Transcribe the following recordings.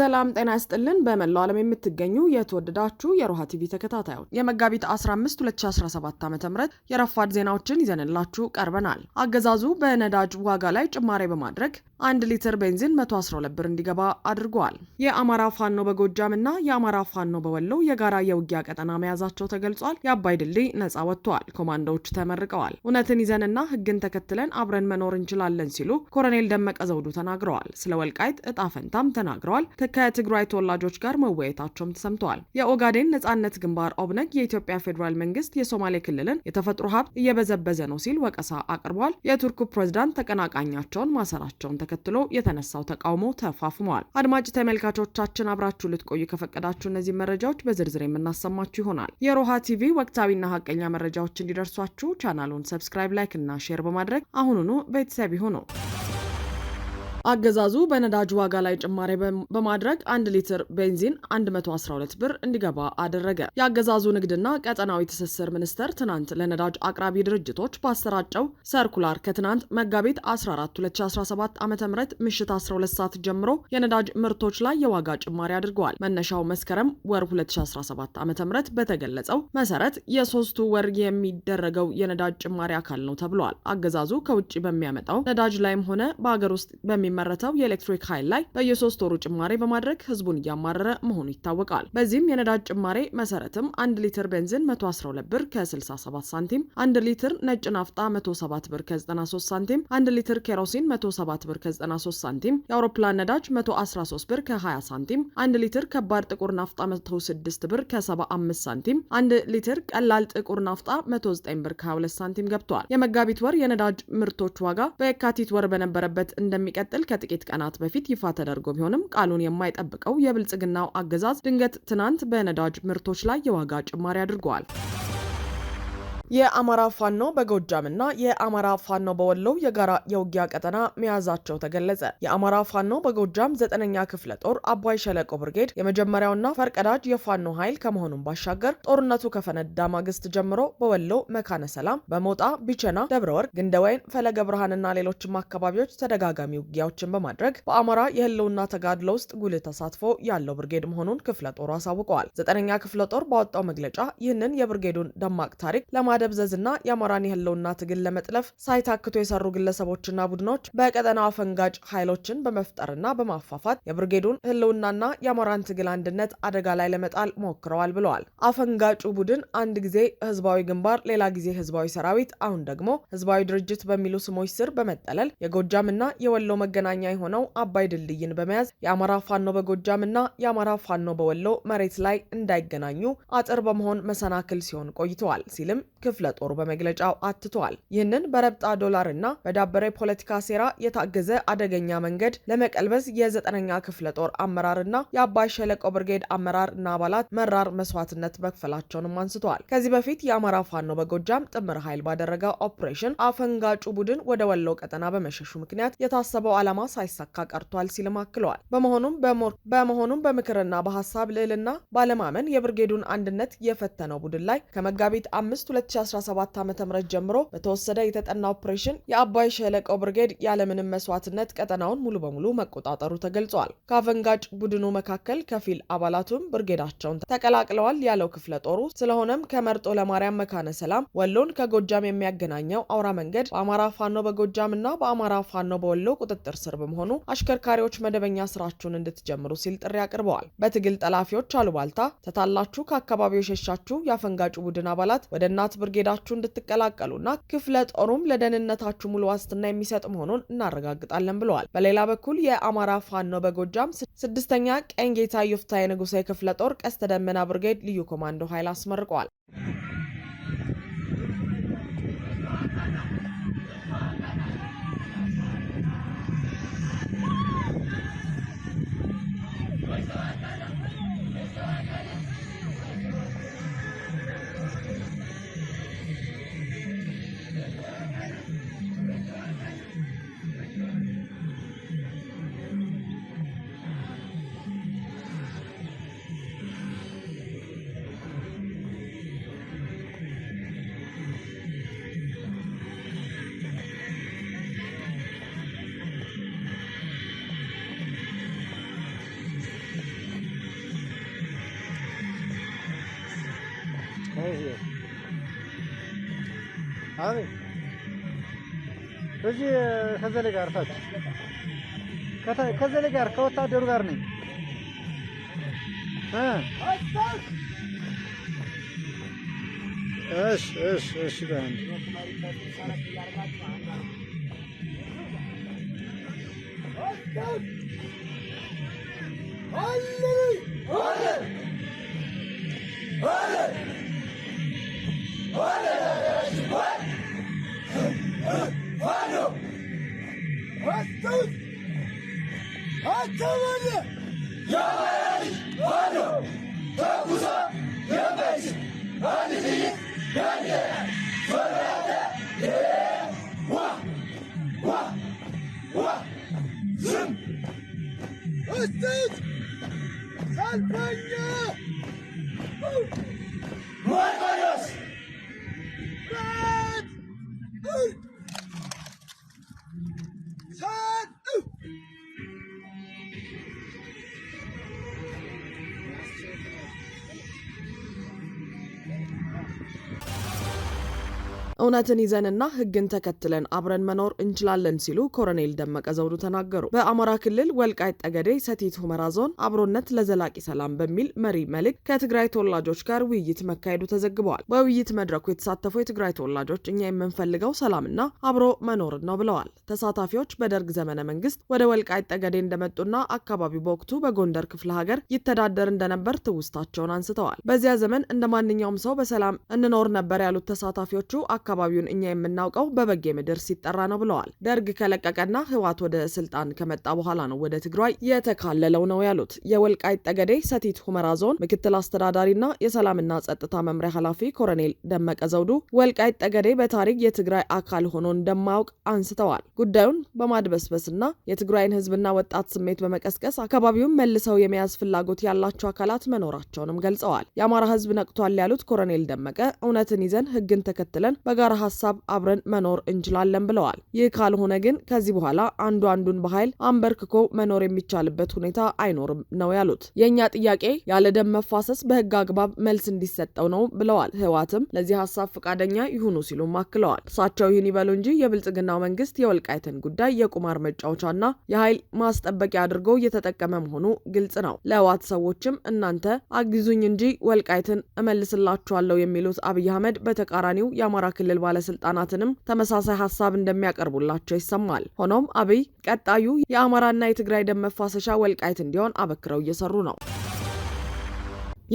ሰላም ጤና ይስጥልን። በመላው ዓለም የምትገኙ የተወደዳችሁ የሮሃ ቲቪ ተከታታዮች የመጋቢት 15 2017 ዓ ም የረፋድ ዜናዎችን ይዘንላችሁ ቀርበናል። አገዛዙ በነዳጅ ዋጋ ላይ ጭማሬ በማድረግ አንድ ሊትር ቤንዚን 112 ብር እንዲገባ አድርጓል። የአማራ ፋኖ በጎጃም እና የአማራ ፋኖ በወሎ የጋራ የውጊያ ቀጠና መያዛቸው ተገልጿል። የአባይ ድልድይ ነጻ ወጥቷል። ኮማንዶዎች ተመርቀዋል። እውነትን ይዘንና ህግን ተከትለን አብረን መኖር እንችላለን ሲሉ ኮሎኔል ደመቀ ዘውዱ ተናግረዋል። ስለ ወልቃይት እጣ ፈንታም ተናግረዋል። ከትግራይ ተወላጆች ጋር መወያየታቸውም ተሰምተዋል። የኦጋዴን ነጻነት ግንባር ኦብነግ የኢትዮጵያ ፌዴራል መንግስት የሶማሌ ክልልን የተፈጥሮ ሀብት እየበዘበዘ ነው ሲል ወቀሳ አቅርቧል። የቱርኩ ፕሬዝዳንት ተቀናቃኛቸውን ማሰራቸውን ተከትሎ የተነሳው ተቃውሞ ተፋፍሟል። አድማጭ ተመልካቾቻችን አብራችሁ ልትቆዩ ከፈቀዳችሁ እነዚህ መረጃዎች በዝርዝር የምናሰማችሁ ይሆናል። የሮሃ ቲቪ ወቅታዊና ሀቀኛ መረጃዎች እንዲደርሷችሁ ቻናሉን ሰብስክራይብ፣ ላይክ እና ሼር በማድረግ አሁኑኑ ቤተሰብ ይሁኑ። አገዛዙ በነዳጅ ዋጋ ላይ ጭማሪ በማድረግ አንድ ሊትር ቤንዚን 112 ብር እንዲገባ አደረገ። የአገዛዙ ንግድና ቀጠናዊ ትስስር ሚኒስቴር ትናንት ለነዳጅ አቅራቢ ድርጅቶች ባሰራጨው ሰርኩላር ከትናንት መጋቢት 14 2017 ዓ ም ምሽት 12 ሰዓት ጀምሮ የነዳጅ ምርቶች ላይ የዋጋ ጭማሪ አድርገዋል። መነሻው መስከረም ወር 2017 ዓ ም በተገለጸው መሰረት የሶስቱ ወር የሚደረገው የነዳጅ ጭማሪ አካል ነው ተብሏል። አገዛዙ ከውጭ በሚያመጣው ነዳጅ ላይም ሆነ በአገር ውስጥ በሚ በሚመረተው የኤሌክትሪክ ኃይል ላይ በየሶስት ወሩ ጭማሬ በማድረግ ህዝቡን እያማረረ መሆኑ ይታወቃል። በዚህም የነዳጅ ጭማሬ መሰረትም አንድ ሊትር ቤንዚን 112 ብር ከ67 ሳንቲም፣ አንድ ሊትር ነጭ ናፍጣ 107 ብር ከ93 ሳንቲም፣ አንድ ሊትር ኬሮሲን 107 ብር ከ93 ሳንቲም፣ የአውሮፕላን ነዳጅ 113 ብር ከ20 ሳንቲም፣ አንድ ሊትር ከባድ ጥቁር ናፍጣ 106 ብር ከ75 ሳንቲም፣ አንድ ሊትር ቀላል ጥቁር ናፍጣ 109 ብር ከ22 ሳንቲም ገብቷል። የመጋቢት ወር የነዳጅ ምርቶች ዋጋ በየካቲት ወር በነበረበት እንደሚቀጥል እንደሚቀጥል ከጥቂት ቀናት በፊት ይፋ ተደርጎ ቢሆንም ቃሉን የማይጠብቀው የብልጽግናው አገዛዝ ድንገት ትናንት በነዳጅ ምርቶች ላይ የዋጋ ጭማሪ አድርገዋል። የአማራ ፋኖ በጎጃምና የአማራ ፋኖ በወሎው የጋራ የውጊያ ቀጠና መያዛቸው ተገለጸ። የአማራ ፋኖ በጎጃም ዘጠነኛ ክፍለ ጦር አባይ ሸለቆ ብርጌድ የመጀመሪያውና ፈርቀዳጅ የፋኖ ኃይል ከመሆኑም ባሻገር ጦርነቱ ከፈነዳ ማግስት ጀምሮ በወሎ መካነ ሰላም፣ በሞጣ ቢቸና፣ ደብረ ወርቅ፣ ግንደወይን፣ ፈለገ ብርሃንና ሌሎችም አካባቢዎች ተደጋጋሚ ውጊያዎችን በማድረግ በአማራ የህልውና ተጋድሎ ውስጥ ጉልህ ተሳትፎ ያለው ብርጌድ መሆኑን ክፍለ ጦሩ አሳውቀዋል። ዘጠነኛ ክፍለ ጦር ባወጣው መግለጫ ይህንን የብርጌዱን ደማቅ ታሪክ ለማ ለመደብዘዝና የአማራን የህልውና ትግል ለመጥለፍ ሳይታክቱ የሰሩ ግለሰቦችና ቡድኖች በቀጠናው አፈንጋጭ ኃይሎችን በመፍጠርና በማፋፋት የብርጌዱን ህልውናና የአማራን ትግል አንድነት አደጋ ላይ ለመጣል ሞክረዋል ብለዋል። አፈንጋጩ ቡድን አንድ ጊዜ ህዝባዊ ግንባር፣ ሌላ ጊዜ ህዝባዊ ሰራዊት፣ አሁን ደግሞ ህዝባዊ ድርጅት በሚሉ ስሞች ስር በመጠለል የጎጃምና የወሎ መገናኛ የሆነው አባይ ድልድይን በመያዝ የአማራ ፋኖ በጎጃምና የአማራ ፋኖ በወሎ መሬት ላይ እንዳይገናኙ አጥር በመሆን መሰናክል ሲሆን ቆይተዋል ሲልም ክፍለ ጦሩ በመግለጫው አትቷል። ይህንን በረብጣ እና በዳበረ የፖለቲካ ሴራ የታገዘ አደገኛ መንገድ ለመቀልበስ የዘጠነኛ ክፍለ ጦር አመራር ና የአባይ ሸለቆ ብርጌድ አመራር እና አባላት መራር መስዋዕትነት መክፈላቸውንም አንስተዋል። ከዚህ በፊት የአማራ ፋኖ በጎጃም ጥምር ኃይል ባደረገው ኦፕሬሽን አፈንጋጩ ቡድን ወደ ወሎ ቀጠና በመሸሹ ምክንያት የታሰበው ዓላማ ሳይሳካ ቀርቷል ሲልም አክለዋል። በመሆኑም በምክርና በሀሳብ ልዕልና ባለማመን የብርጌዱን አንድነት የፈተነው ቡድን ላይ ከመጋቢት አምስት 2017 ዓ ም ጀምሮ በተወሰደ የተጠና ኦፕሬሽን የአባይ ሸለቆ ብርጌድ ያለምንም መስዋዕትነት ቀጠናውን ሙሉ በሙሉ መቆጣጠሩ ተገልጿል። ከአፈንጋጭ ቡድኑ መካከል ከፊል አባላቱም ብርጌዳቸውን ተቀላቅለዋል ያለው ክፍለ ጦሩ ስለሆነም ከመርጦ ለማርያም መካነ ሰላም ወሎን ከጎጃም የሚያገናኘው አውራ መንገድ በአማራ ፋኖ በጎጃም እና በአማራ ፋኖ በወሎ ቁጥጥር ስር በመሆኑ አሽከርካሪዎች መደበኛ ስራችሁን እንድትጀምሩ ሲል ጥሪ አቅርበዋል። በትግል ጠላፊዎች አሉባልታ ተታላችሁ ከአካባቢው የሸሻችሁ የአፈንጋጩ ቡድን አባላት ወደ እናት ብርጌዳችሁ እንድትቀላቀሉና ክፍለ ጦሩም ለደህንነታችሁ ሙሉ ዋስትና የሚሰጥ መሆኑን እናረጋግጣለን ብለዋል። በሌላ በኩል የአማራ ፋኖ በጎጃም ስድስተኛ ቀኝ ጌታ ዮፍታሔ የንጉሳዊ ክፍለ ጦር ቀስተ ደመና ብርጌድ ልዩ ኮማንዶ ኃይል አስመርቀዋል። هذه በዚህ ከዘለ ጋር ታች ከዘለ ጋር ከወታደሩ ጋር ነኝ እ እሺ እሺ እሺ ባንድ Oley! Oley! Oley! Antalya! Yanmayın! Manu! Tabuza! Yanmayın! Hadi Yanmayın! Fırlada! Vah! Vah! Vah! Zım! Üstüz! Salpanya! Marmaros! እውነትን ይዘንና ህግን ተከትለን አብረን መኖር እንችላለን ሲሉ ኮሎኔል ደመቀ ዘውዱ ተናገሩ። በአማራ ክልል ወልቃይት ጠገዴ ሰቲት ሁመራ ዞን አብሮነት ለዘላቂ ሰላም በሚል መሪ መልእክት ከትግራይ ተወላጆች ጋር ውይይት መካሄዱ ተዘግበዋል። በውይይት መድረኩ የተሳተፉ የትግራይ ተወላጆች እኛ የምንፈልገው ሰላምና አብሮ መኖርን ነው ብለዋል። ተሳታፊዎች በደርግ ዘመነ መንግስት ወደ ወልቃይት ጠገዴ እንደመጡና አካባቢው በወቅቱ በጎንደር ክፍለ ሀገር ይተዳደር እንደነበር ትውስታቸውን አንስተዋል። በዚያ ዘመን እንደ ማንኛውም ሰው በሰላም እንኖር ነበር ያሉት ተሳታፊዎቹ አካባቢውን እኛ የምናውቀው በበጌ ምድር ሲጠራ ነው ብለዋል። ደርግ ከለቀቀና ህወሓት ወደ ስልጣን ከመጣ በኋላ ነው ወደ ትግራይ የተካለለው ነው ያሉት የወልቃይት ጠገዴ ሰቲት ሁመራ ዞን ምክትል አስተዳዳሪና የሰላምና ጸጥታ መምሪያ ኃላፊ ኮሎኔል ደመቀ ዘውዱ ወልቃይት ጠገዴ በታሪክ የትግራይ አካል ሆኖ እንደማያውቅ አንስተዋል። ጉዳዩን በማድበስበስና የትግራይን ህዝብና ወጣት ስሜት በመቀስቀስ አካባቢውን መልሰው የመያዝ ፍላጎት ያላቸው አካላት መኖራቸውንም ገልጸዋል። የአማራ ህዝብ ነቅቷል ያሉት ኮሎኔል ደመቀ እውነትን ይዘን ህግን ተከትለን በጋ በጋራ ሀሳብ አብረን መኖር እንችላለን ብለዋል። ይህ ካልሆነ ግን ከዚህ በኋላ አንዱ አንዱን በኃይል አንበርክኮ መኖር የሚቻልበት ሁኔታ አይኖርም ነው ያሉት። የእኛ ጥያቄ ያለ ደም መፋሰስ በህግ አግባብ መልስ እንዲሰጠው ነው ብለዋል። ህወሓትም ለዚህ ሀሳብ ፈቃደኛ ይሁኑ ሲሉም አክለዋል። እሳቸው ይህን ይበሉ እንጂ የብልጽግናው መንግስት የወልቃይትን ጉዳይ የቁማር መጫወቻና የኃይል ማስጠበቂያ አድርጎ እየተጠቀመ መሆኑ ግልጽ ነው። ለህወሓት ሰዎችም እናንተ አግዙኝ እንጂ ወልቃይትን እመልስላችኋለሁ የሚሉት አብይ አህመድ በተቃራኒው የአማራ ክልል ክልል ባለስልጣናትንም ተመሳሳይ ሀሳብ እንደሚያቀርቡላቸው ይሰማል። ሆኖም አብይ ቀጣዩ የአማራና የትግራይ ደም መፋሰሻ ወልቃይት እንዲሆን አበክረው እየሰሩ ነው።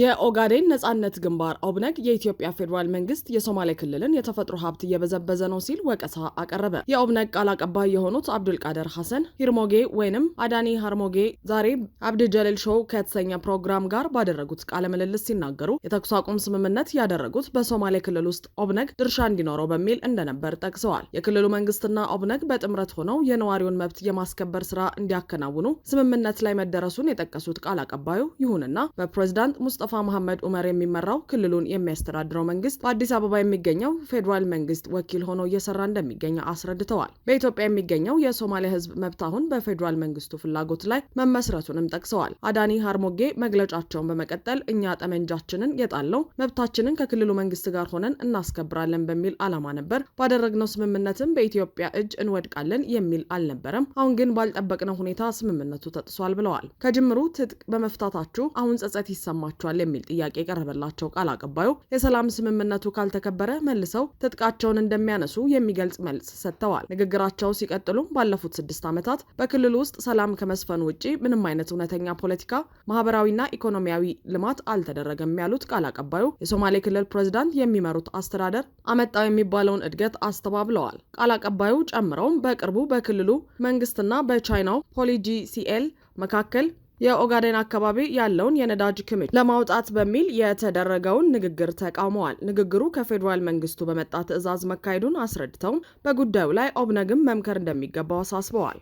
የኦጋዴን ነጻነት ግንባር ኦብነግ የኢትዮጵያ ፌዴራል መንግስት የሶማሌ ክልልን የተፈጥሮ ሀብት እየበዘበዘ ነው ሲል ወቀሳ አቀረበ። የኦብነግ ቃል አቀባይ የሆኑት አብዱልቃደር ሐሰን ሂርሞጌ ወይንም አዳኒ ሃርሞጌ ዛሬ አብድ ሾው ከተሰኘ ፕሮግራም ጋር ባደረጉት ቃለ ምልልስ ሲናገሩ የተኩስ አቁም ስምምነት ያደረጉት በሶማሌ ክልል ውስጥ ኦብነግ ድርሻ እንዲኖረው በሚል እንደነበር ጠቅሰዋል። የክልሉ መንግስትና ኦብነግ በጥምረት ሆነው የነዋሪውን መብት የማስከበር ስራ እንዲያከናውኑ ስምምነት ላይ መደረሱን የጠቀሱት ቃል አቀባዩ ይሁንና በፕሬዚዳንት ሙስጠ ሙስጠፋ መሐመድ ኡመር የሚመራው ክልሉን የሚያስተዳድረው መንግስት በአዲስ አበባ የሚገኘው ፌዴራል መንግስት ወኪል ሆኖ እየሰራ እንደሚገኝ አስረድተዋል። በኢትዮጵያ የሚገኘው የሶማሌ ህዝብ መብት አሁን በፌዴራል መንግስቱ ፍላጎት ላይ መመስረቱንም ጠቅሰዋል። አዳኒ ሀርሞጌ መግለጫቸውን በመቀጠል እኛ ጠመንጃችንን የጣለው መብታችንን ከክልሉ መንግስት ጋር ሆነን እናስከብራለን በሚል አላማ ነበር። ባደረግነው ስምምነትም በኢትዮጵያ እጅ እንወድቃለን የሚል አልነበረም። አሁን ግን ባልጠበቅነው ሁኔታ ስምምነቱ ተጥሷል ብለዋል። ከጅምሩ ትጥቅ በመፍታታችሁ አሁን ጸጸት ይሰማችኋል ይሆናል የሚል ጥያቄ የቀረበላቸው ቃል አቀባዩ የሰላም ስምምነቱ ካልተከበረ መልሰው ትጥቃቸውን እንደሚያነሱ የሚገልጽ መልስ ሰጥተዋል። ንግግራቸው ሲቀጥሉም ባለፉት ስድስት ዓመታት በክልሉ ውስጥ ሰላም ከመስፈኑ ውጭ ምንም አይነት እውነተኛ ፖለቲካ፣ ማህበራዊና ኢኮኖሚያዊ ልማት አልተደረገም ያሉት ቃል አቀባዩ የሶማሌ ክልል ፕሬዚዳንት የሚመሩት አስተዳደር አመጣው የሚባለውን እድገት አስተባብለዋል። ቃል አቀባዩ ጨምረውም በቅርቡ በክልሉ መንግስትና በቻይናው ፖሊጂሲኤል መካከል የኦጋዴን አካባቢ ያለውን የነዳጅ ክምችት ለማውጣት በሚል የተደረገውን ንግግር ተቃውመዋል። ንግግሩ ከፌዴራል መንግስቱ በመጣ ትዕዛዝ መካሄዱን አስረድተው በጉዳዩ ላይ ኦብነግም መምከር እንደሚገባው አሳስበዋል።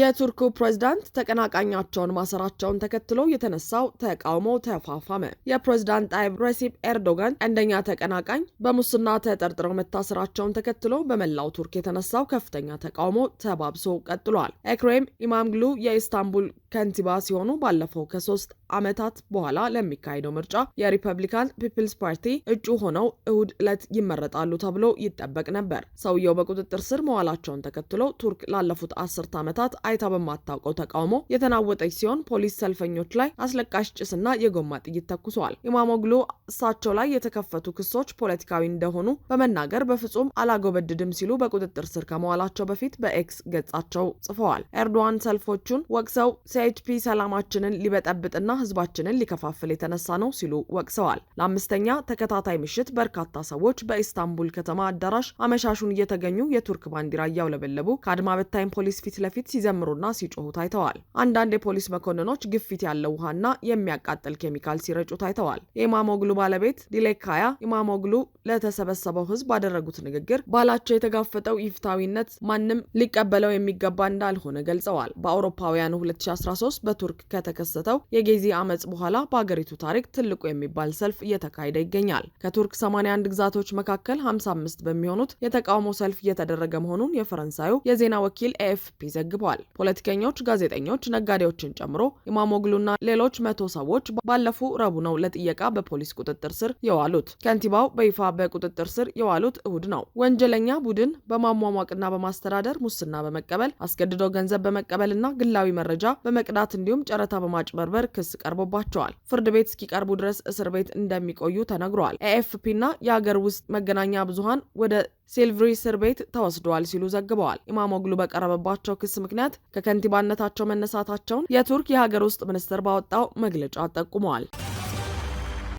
የቱርኩ ፕሬዝዳንት ተቀናቃኛቸውን ማሰራቸውን ተከትሎ የተነሳው ተቃውሞ ተፋፋመ። የፕሬዝዳንት ጣይብ ረሲፕ ኤርዶጋን አንደኛ ተቀናቃኝ በሙስና ተጠርጥረው መታሰራቸውን ተከትሎ በመላው ቱርክ የተነሳው ከፍተኛ ተቃውሞ ተባብሶ ቀጥሏል። ኤክሬም ኢማምግሉ የኢስታንቡል ከንቲባ ሲሆኑ ባለፈው ከሶስት ዓመታት በኋላ ለሚካሄደው ምርጫ የሪፐብሊካን ፒፕልስ ፓርቲ እጩ ሆነው እሁድ ዕለት ይመረጣሉ ተብሎ ይጠበቅ ነበር። ሰውየው በቁጥጥር ስር መዋላቸውን ተከትሎ ቱርክ ላለፉት አስርት ዓመታት አይታ በማታውቀው ተቃውሞ የተናወጠች ሲሆን ፖሊስ ሰልፈኞች ላይ አስለቃሽ ጭስና የጎማ ጥይት ተኩሰዋል። ኢማሞግሎ እሳቸው ላይ የተከፈቱ ክሶች ፖለቲካዊ እንደሆኑ በመናገር በፍጹም አላጎበድድም ሲሉ በቁጥጥር ስር ከመዋላቸው በፊት በኤክስ ገጻቸው ጽፈዋል። ኤርዶዋን ሰልፎቹን ወቅሰው ሲኤችፒ ሰላማችንን ሊበጠብጥና ህዝባችንን ሊከፋፍል የተነሳ ነው ሲሉ ወቅሰዋል። ለአምስተኛ ተከታታይ ምሽት በርካታ ሰዎች በኢስታንቡል ከተማ አዳራሽ አመሻሹን እየተገኙ የቱርክ ባንዲራ እያውለበለቡ ከአድማ በታይም ፖሊስ ፊት ለፊት ሲዘ ሲዘምሩና ሲጮሁ ታይተዋል። አንዳንድ የፖሊስ መኮንኖች ግፊት ያለው ውሃና የሚያቃጥል ኬሚካል ሲረጩ ታይተዋል። የኢማሞግሉ ባለቤት ዲሌካያ ኢማሞግሉ ለተሰበሰበው ህዝብ ባደረጉት ንግግር ባላቸው የተጋፈጠው ይፍታዊነት ማንም ሊቀበለው የሚገባ እንዳልሆነ ገልጸዋል። በአውሮፓውያኑ 2013 በቱርክ ከተከሰተው የጌዚ አመፅ በኋላ በአገሪቱ ታሪክ ትልቁ የሚባል ሰልፍ እየተካሄደ ይገኛል። ከቱርክ 81 ግዛቶች መካከል 55 በሚሆኑት የተቃውሞ ሰልፍ እየተደረገ መሆኑን የፈረንሳዩ የዜና ወኪል ኤኤፍፒ ዘግቧል። ተናግረዋል። ፖለቲከኞች፣ ጋዜጠኞች፣ ነጋዴዎችን ጨምሮ ኢማሞግሉና ሌሎች መቶ ሰዎች ባለፉ ረቡዕ ነው ለጥየቃ በፖሊስ ቁጥጥር ስር የዋሉት። ከንቲባው በይፋ በቁጥጥር ስር የዋሉት እሁድ ነው። ወንጀለኛ ቡድን በማሟሟቅና በማስተዳደር ሙስና በመቀበል አስገድዶ ገንዘብ በመቀበልና ግላዊ መረጃ በመቅዳት እንዲሁም ጨረታ በማጭበርበር ክስ ቀርቦባቸዋል። ፍርድ ቤት እስኪቀርቡ ድረስ እስር ቤት እንደሚቆዩ ተነግሯል። ኤኤፍፒና የአገር ውስጥ መገናኛ ብዙሃን ወደ ሲልቪሪ እስር ቤት ተወስደዋል ሲሉ ዘግበዋል። ኢማሞግሉ በቀረበባቸው ክስ ምክንያት ከከንቲባነታቸው መነሳታቸውን የቱርክ የሀገር ውስጥ ሚኒስትር ባወጣው መግለጫ ጠቁመዋል።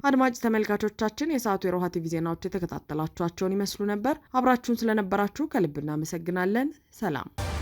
አድማጭ ተመልካቾቻችን የሰዓቱ የሮሃ ቲቪ ዜናዎች የተከታተላችኋቸውን ይመስሉ ነበር። አብራችሁን ስለነበራችሁ ከልብ እናመሰግናለን። ሰላም